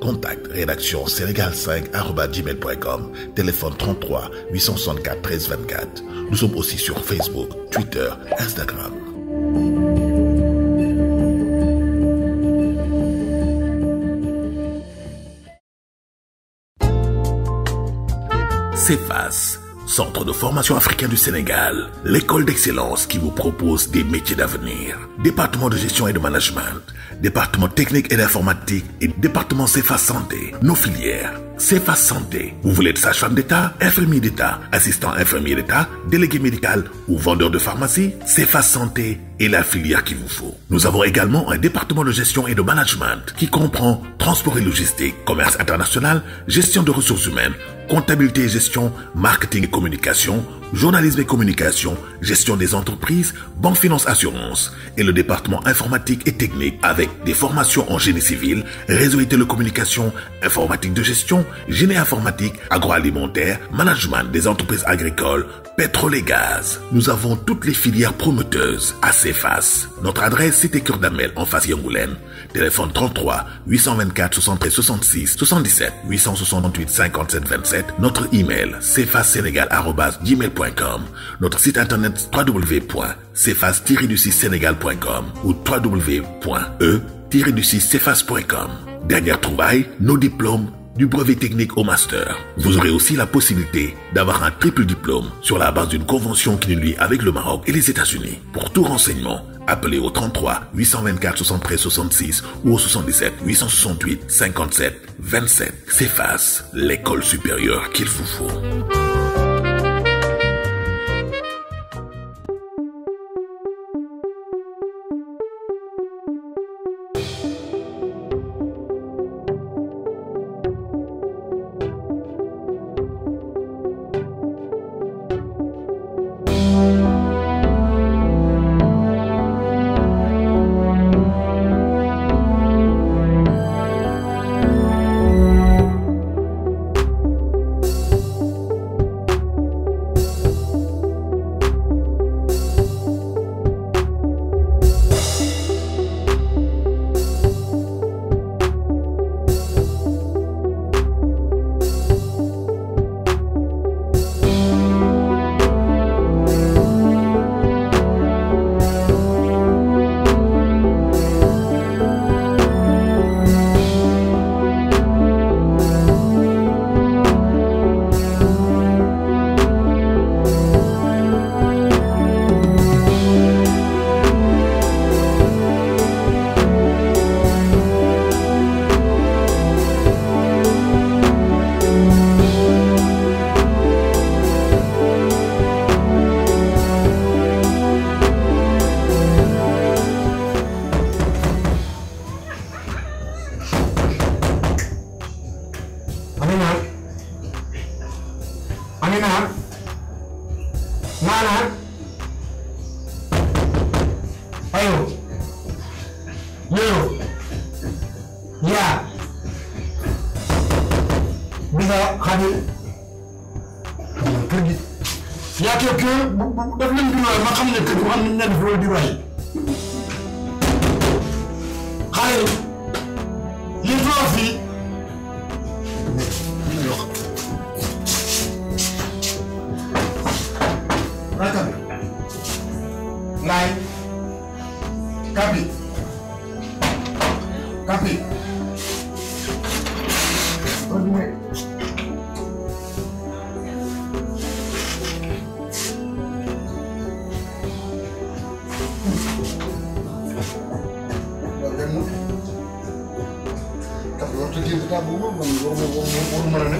Contact rédaction sénégal 5gmailcom téléphone 33 864 13 Nous sommes aussi sur Facebook, Twitter, Instagram. c'est face Centre de formation africain du Sénégal, l'école d'excellence qui vous propose des métiers d'avenir. Département de gestion et de management, département technique et d'informatique et département CFA Santé. Nos filières, CFA Santé. Vous voulez être sage-femme d'État, infirmier d'État, assistant infirmier d'État, délégué médical ou vendeur de pharmacie CFA Santé et la filière qu'il vous faut. Nous avons également un département de gestion et de management qui comprend transport et logistique, commerce international, gestion de ressources humaines, comptabilité et gestion, marketing et communication, journalisme et communication, gestion des entreprises, banque finance assurance et le département informatique et technique avec des formations en génie civil, réseau et télécommunication, informatique de gestion, génie informatique, agroalimentaire, management des entreprises agricoles, pétrole et gaz. Nous avons toutes les filières promoteuses, notre adresse, cité Kurdamel en face Yangoulen, Téléphone 33 824 63 66 77 868 57 27. Notre email, gmail.com Notre site internet www.cefas-sénégal.com ou www.e-cefas.com. Dernière trouvaille, nos diplômes du brevet technique au master. Vous aurez aussi la possibilité d'avoir un triple diplôme sur la base d'une convention qui nous lie avec le Maroc et les États-Unis. Pour tout renseignement, appelez au 33 824 73 66 ou au 77 868 57 27. C'est face l'école supérieure qu'il vous faut. maanaam maanaam ayo yow yaa bisa xadi kër gi yaa kër kër daf leen di waay ma xam ne kër bu xam ne ne daf loolu di waay xale Hatta bulunmamış ormanını.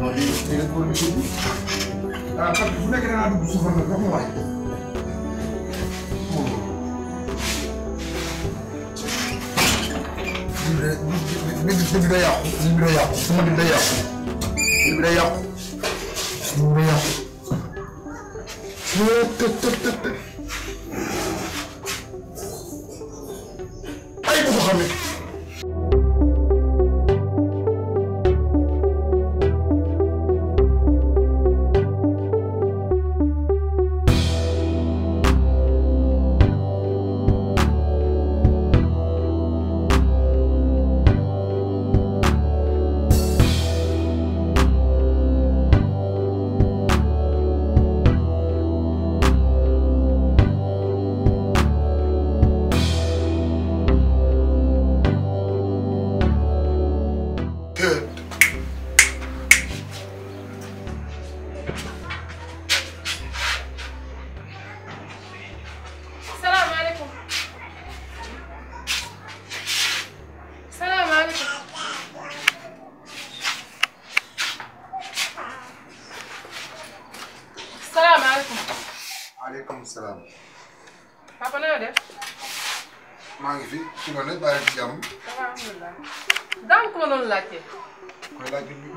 Yani devlet böyle bir şey değil. Ha, tabii bu ne kadar abi bu sıfırda çok mu var? Bir bire yap, bir bire yap, şunu bir bire yap. Bir bire yap. Şunu bire yap. Şunu bire yap. Şunu bire yap. maaleykum salaam. papa na nga def. maa ngi fi ci nga ne bàyyi ci jàmm. alhamdulilah. daan ko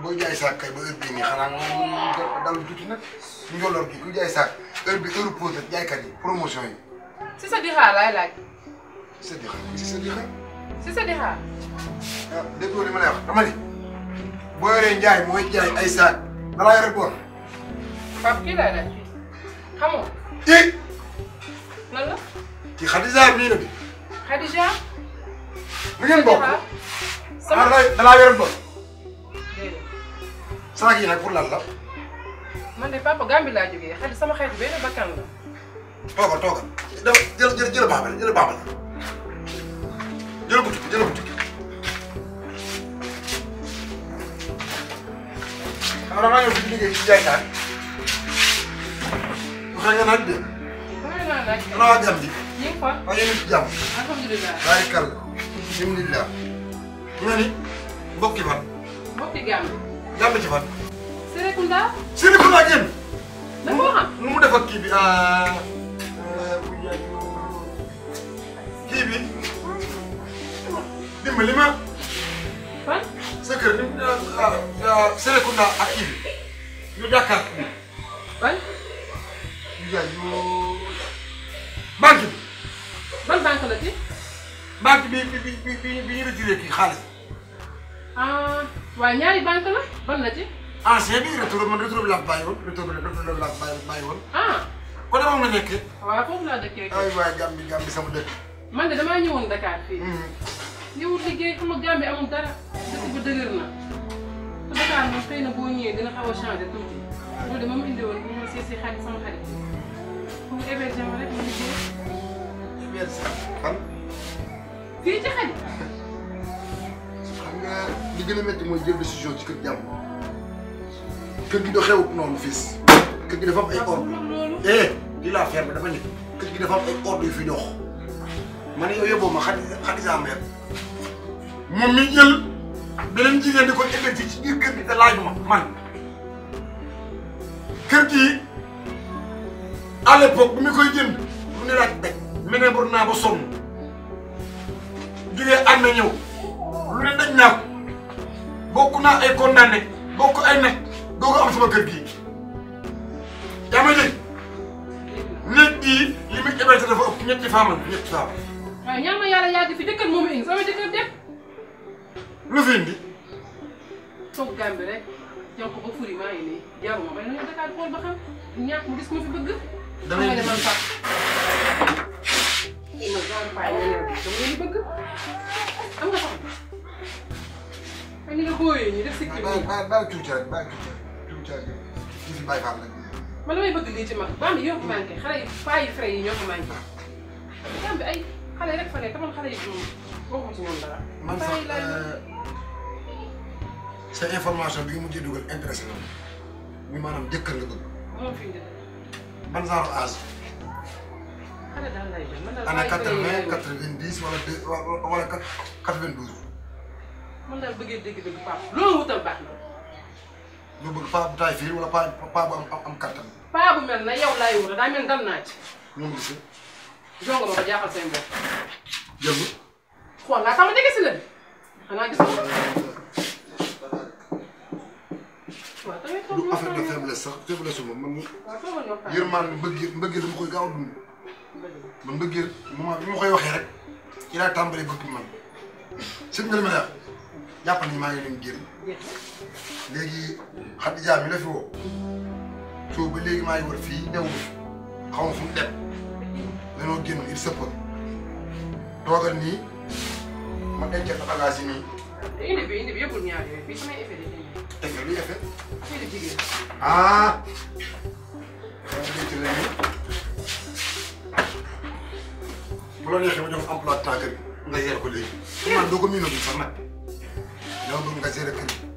ma jaay saak kay ba heure bii nii xanaa moom daal tuuti nag njolloor gi ku jaay saak heure bi heure pause ak jaaykat promotion yi. si sa dixaar laay laaj. si sa dixaar si sa dixaar. si sa dixaar. ah déggoo li ma lay wax dama ni mooy jaay ay saak balaa yore kii laay laaj xam i lan la ki Khadija nii na bi Khadija lu ngeen bokk sama dalaa yoroon bokk saak nag pour lan la man de papa Gàmbi laa jógee xadi sama xeetu benn bakkan la toogal toogal dama jël jël baabal jël baabal jël bu jël bu tukki xam naa maa ngi fi liggéey xëy na de. xanaa jàmm ji. ñu fa. xëy na ci barikal. alhamdulilah. nga ni fan. mbokki gàmm. gàmm ci fan. Serekunda. Serekunda ak yéen. da koo xam mu def ak bi ah. kii bi dimbali ma. fan. sa kër Serekunda ak kii ñu Dakar. jaajëf banque bi. ban banque la ci. banque bi bi bi bi bi ñu retiré kii xaalis. ah waaye ñaari banque la ban la ci. ancien bi retour man retour bi laa bàyyi woon retour bi laa bàyyi woon. ah kon moom la nekkee. waaw foofu laa dëkkee. ay waay Gàmbi Gàmbi sama dëkk. man de damaa ñëwoon Dakar fii. Mm-hmm. ñëwul liggéey xam nga Gàmbi amul dara. dëkk bu dëgër na. te Dakar moom xëy na boo ñëwee dina xaw a changé tuuti loolu de moom indi woon ñu ngi si si xarit sama xarit. fu mu hébergé wu rek mu liggéey. gi do xew noonu fils. kër gi ay ordre. eh di la affaire dafa nekk. kër gi fi dox. man yow yóbboo ma xadi xadisa mi jël beneen jigéen di ko hébergé ci biir kër gi laaj ma man. kër à l'époque bi mi koy jënd mu ne laaj teg bur naa ba sonn jugee ànd na ñëw lu ne daj naa ko bokk naa ay condamné bokk ay nag dooga am sama kër gii yaa may dégg néeg bii li muy dafa ëpp ñetti femmes la ñetti femmes. ñaan ma yàlla yàgg fi dëkkal sama dëkkal lu fi indi. toog gàmbi rek jàng ba furi maa ngi nii jaruma may na Dakar xool ba xam mu gis ma fi bëgg. damay demal sax. ma gaaw faa ñëw dama leen bëgg am nga sax bi. ni nga booyee ñu def si kii bi. bàyyi bàyyi tuuti rek bàyyi tuuti rek tuuti bàyyi faam rek. man damay bëgg lii ci mag baa mi yoo ko manqué xale yi paa yi frais yi ñoo ko manqué. yaa bi ay xale rek fa nekk man xale yi moom waxuma ci ñoom dara. man sax euh, sa information bi nga mujjee dugal intéressé na ma. maanaam jëkkër la bëgg. ban genre âge ana 80 wala 92 man daal bëggee dégg-dégg pap loolu wutal baax na lu bëgg paa bu taay wala paa am am kattan paa bu mel na yow laay wutal daa mel dal ci ko jaaxal seen bopp jëmm xool laa la gis faiblesse sax faiblesse moom man. waaw yërmande mbëggeel mbëggeel dama koy gaaw a dund. man mbëggeel moment bi ma koy waxee rek ci laa tàmbalee bëgg man sëñ bi la ma la wax jàpp nañu maa ngi léegi Xadija mi fi woo soo léegi maa war fii new xaw ma dem danoo génn il se peut toogal ma dencal bagage yi Inebe, inebe, io pugnale, qui come e fede. E che lì è fede? Fede tigre. Ah! bu la neexee ma jox emploi de temps kër nga yeer ko léegi. man doo ko miinoo bi sax nag. dama